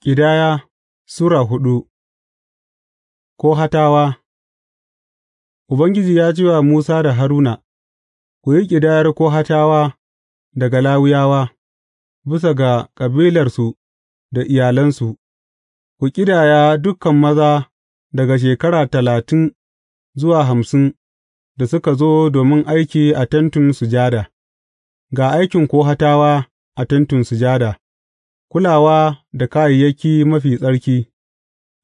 Ƙidaya Sura hudu hatawa. Ubangiji ya ce wa Musa da Haruna, Ku yi ƙidayar Kohatawa daga Lawiyawa, bisa ga kabilarsu da iyalansu, ku ƙidaya dukan maza daga shekara talatin zuwa hamsin da suka zo domin aiki a Tentin Sujada, ga aikin Kohatawa a Tentin Sujada. Kulawa da kayayyaki mafi tsarki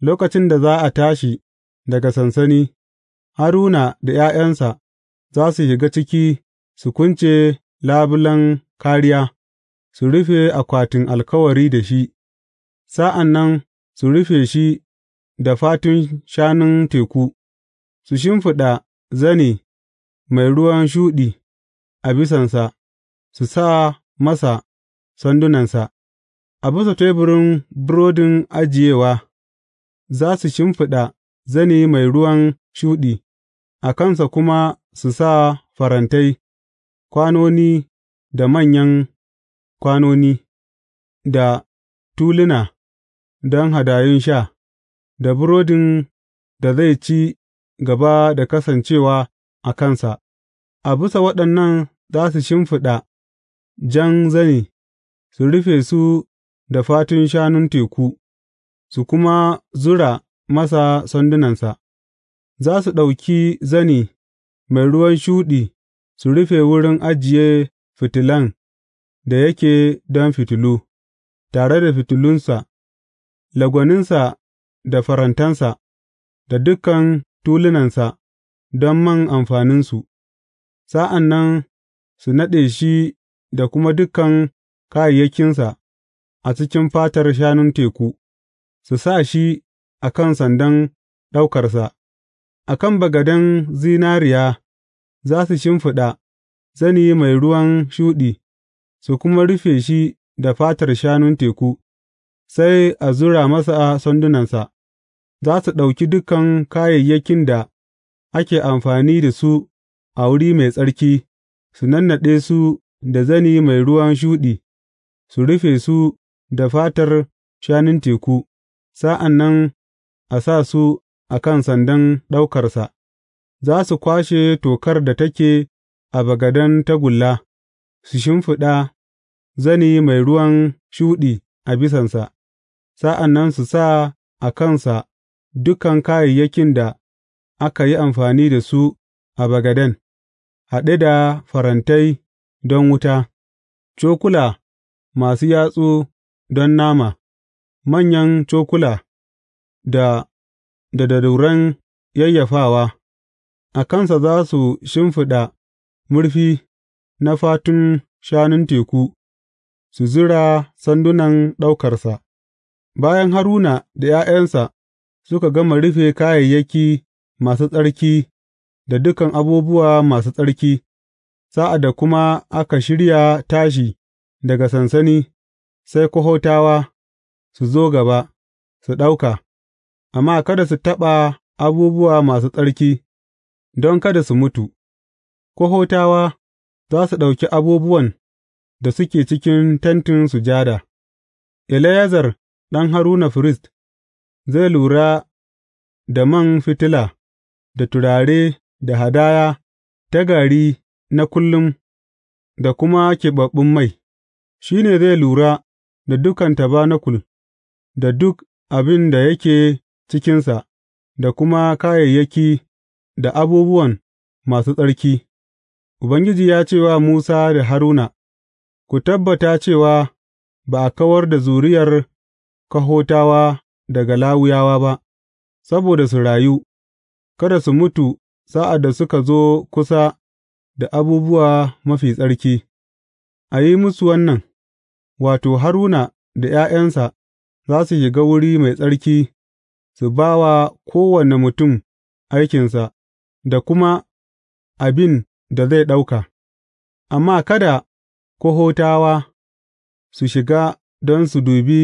Lokacin da za a tashi daga sansani, Haruna da ’ya'yansa za su shiga ciki su kunce labulen kariya, su rufe akwatin alkawari da shi, sa'an nan su rufe shi da fatun shanun teku, su shimfiɗa zane mai ruwan shuɗi a bisansa, su sa masa sandunansa. A bisa teburin burodin ajiyewa, za su shimfiɗa zane mai ruwan shuɗi, a kansa kuma su sa farantai, kwanoni da manyan kwanoni, da tuluna don hadayun sha, da burodin da zai ci gaba da kasancewa a kansa, a bisa waɗannan za su shimfiɗa jan zane, su rufe su da fatun shanun teku su kuma zura masa sandunansa; za su ɗauki zani mai ruwan shuɗi su rufe wurin ajiye fitilan da yake don fitilu, tare da fitilunsa, lagwaninsa da farantansa, da dukan tulunansa don man amfaninsu, sa'an nan su naɗe shi da kuma dukan kayayyakinsa. a cikin fatar shanun teku, su sa shi a kan sandan ɗaukarsa, a kan bagaden zinariya za su shimfiɗa zani mai ruwan shuɗi, su kuma rufe shi da fatar shanun teku, sai a zura masa sandunansa, za su ɗauki dukan kayayyakin da ake amfani da su a wuri mai tsarki, su nannaɗe su da zani mai ruwan shuɗi, su rufe su da fatar shanun teku, sa'an nan a sa su a kan sandan ɗaukarsa, za su kwashe tokar da take a bagaden tagulla, su shimfiɗa zani mai ruwan shuɗi a bisansa, sa'an nan su sa a kansa dukan kayayyakin da aka yi amfani da su a bagaden, haɗe da farantai don wuta, cokula masu yatsu don nama, manyan cokula da dadaduran yayyafawa, a kansa za su shimfiɗa murfi na fatun shanun teku su zura sandunan ɗaukarsa, bayan Haruna da ’ya'yansa suka gama rufe kayayyaki masu tsarki da dukan abubuwa masu tsarki, sa'ad da kuma aka shirya tashi daga sansani. sai Kohatawa su zo gaba, su ɗauka, amma kada su taɓa abubuwa masu tsarki, don kada su mutu, Kohatawa za su ɗauki abubuwan da suke cikin Tentin Sujada, Eleyazar ɗan Haruna firist zai lura da man fitila, da turare, da hadaya ta gari na kullum da kuma keɓaɓɓun mai, shi ne zai lura. da dukan tabanakul, da duk abin da yake cikinsa, da kuma kayayyaki da abubuwan masu tsarki, Ubangiji ya ce wa Musa da Haruna, Ku tabbata cewa ba a kawar da zuriyar Kahotawa daga lawuyawa ba, saboda su rayu, kada su mutu sa'ad da suka zo kusa da abubuwa mafi tsarki, a yi musu wannan. wato, Haruna da ’ya'yansa za su shiga wuri mai tsarki su ba wa kowane mutum aikinsa da kuma abin da zai ɗauka, amma kada Kohatawa su shiga don su dubi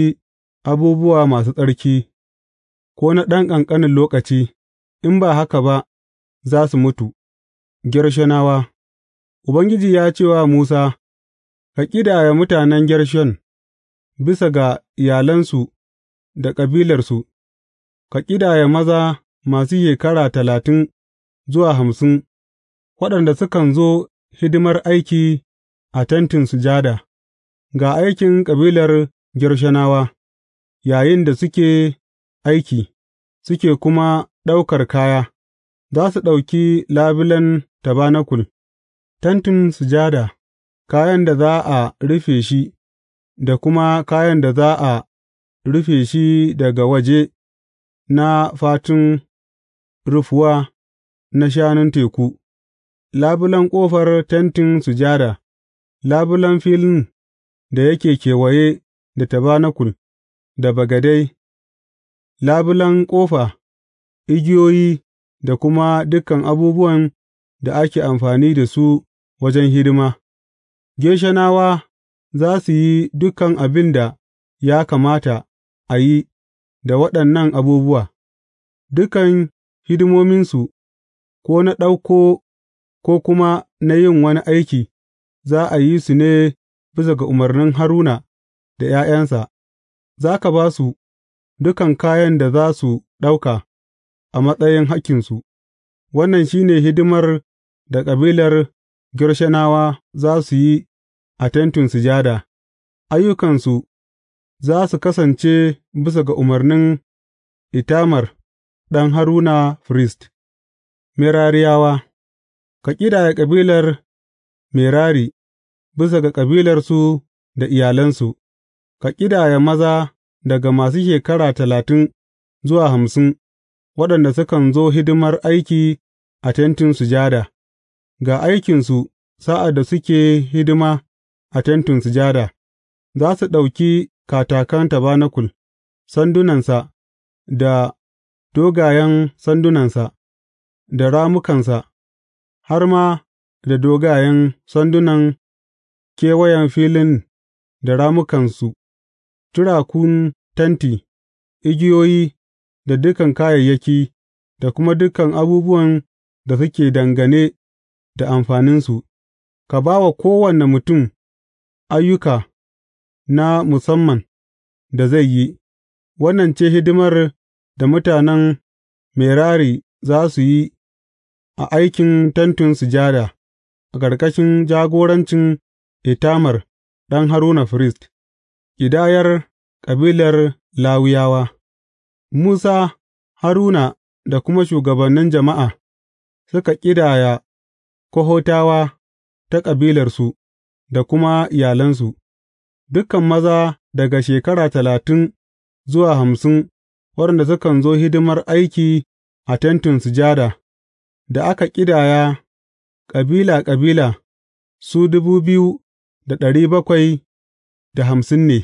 abubuwa masu tsarki, ko na ɗan ƙanƙanin lokaci, in ba haka ba za su mutu, Gershonawa Ubangiji ya ce wa Musa. Ka ƙidaya mutanen Gershon bisa ga iyalansu da ƙabilarsu. ka ƙidaya maza masu shekara talatin zuwa hamsin waɗanda sukan zo hidimar aiki a Tentin Sujada, ga aikin kabilar Gershonawa, da suke aiki, suke kuma ɗaukar kaya, za su ɗauki labulen tabanakul, Tentin Sujada. kayan da za a rufe shi da kuma kayan da za a rufe shi daga waje na fatun rufuwa na shanun teku, labulen ƙofar Tentin Sujada, labulen filin da yake kewaye da tabanakul, da bagadai, labulen ƙofa, igiyoyi da kuma dukan abubuwan da ake amfani da su wajen hidima. Geshonawa za su yi dukan abin da ya kamata a yi da waɗannan abubuwa, dukan hidimominsu, ko na ɗauko ko kuma na yin wani aiki, za a yi su ne bisa ga umarnin Haruna da ’ya'yansa, za ka ba su dukan kayan da za su ɗauka a matsayin hakkinsu, wannan shi ne hidimar da kabilar Gershonawa za su yi. a Tentin Sujada, ayyukansu za su kasance bisa ga umarnin Itamar ɗan Haruna frist. Merariyawa, ka ƙidaya kabilar Merari bisa ga kabilarsu da iyalansu, ka ƙidaya maza daga masu shekara talatin zuwa hamsin waɗanda sukan zo hidimar aiki a Tentin Sujada, ga aikinsu sa'ad da suke hidima a Tentin Sujada, za su ɗauki katakan tabanakul, sandunansa, da dogayen sandunansa, da ramukansa, har ma da dogayen sandunan kewayen filin da ramukansu, turakun tenti, igiyoyi, da dukan kayayyaki, da kuma dukan abubuwan da suke dangane da amfaninsu, ka ba wa kowane mutum. ayyuka na musamman da zai yi, wannan ce hidimar da mutanen Merari za su yi a aikin Tentin Sujada, a ƙarƙashin jagorancin Itamar ɗan Haruna firist, ƙidayar ƙabilar Lawiyawa. Musa, Haruna da kuma shugabannin jama'a suka ƙidaya kohotawa ta kabilarsu. da kuma iyalansu, dukan maza daga shekara talatin zuwa hamsin waɗanda sukan zo hidimar aiki a Tentin Sujada, da aka ƙidaya ƙabila-ƙabila su dubu biyu da ɗari bakwai da hamsin ne,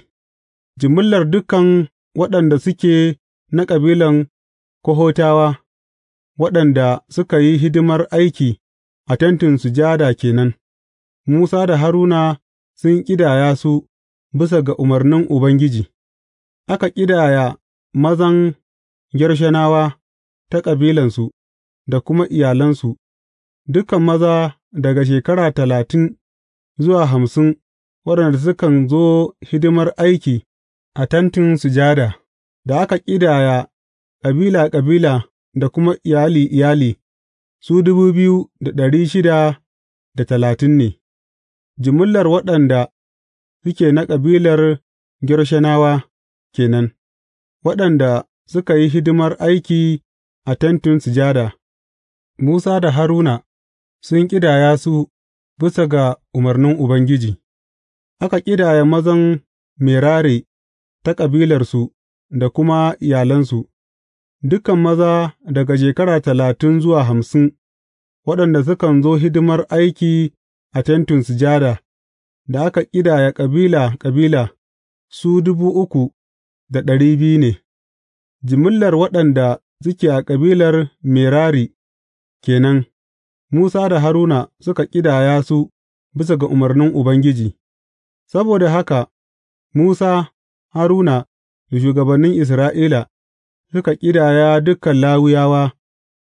jimillar dukan waɗanda suke na kabilan kohotawa, waɗanda suka yi hidimar aiki a Tentin Sujada kenan. Musa da Haruna sun ƙidaya su bisa ga umarnin Ubangiji, aka ƙidaya mazan Gershonawa ta kabilansu da kuma iyalansu, dukan maza daga shekara talatin zuwa hamsin waɗanda sukan zo hidimar aiki a Tentin Sujada, da aka ƙidaya kabila kabila da kuma iyali iyali, su dubu biyu da ɗari shida da talatin ne. Jimillar waɗanda suke na kabilar Gershonawa ke nan, waɗanda suka yi hidimar aiki a Tentin Sujada, Musa da Haruna sun ƙidaya su bisa ga umarnin Ubangiji, aka ƙidaya mazan Merari ta kabilarsu da kuma iyalansu, dukan maza daga shekara talatin zuwa hamsin waɗanda sukan zo hidimar aiki. a Tentin Sujada, da aka ƙidaya kabila kabila, su dubu uku da ɗari biyu ne, jimillar waɗanda suke a kabilar Merari kenan, Musa da Haruna suka ƙidaya su bisa ga umarnin Ubangiji, saboda haka Musa, Haruna da shugabannin Isra'ila suka ƙidaya dukan lawuyawa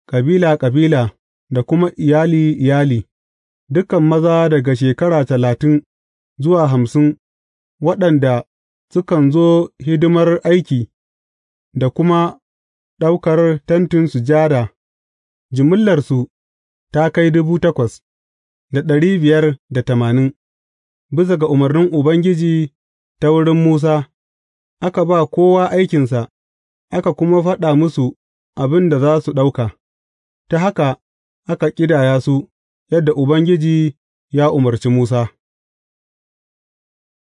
kabila kabila da kuma iyali iyali. dukan maza daga shekara talatin zuwa hamsin waɗanda sukan zo hidimar aiki da kuma ɗaukar Tentin Sujada, jimillarsu ta kai dubu takwas da da biyar tamanin. ɗari bisa ga umarnin Ubangiji ta wurin Musa, aka ba kowa aikinsa, aka kuma faɗa musu abin da za su ɗauka, ta haka aka ƙidaya su, yadda Ubangiji ya umarci Musa.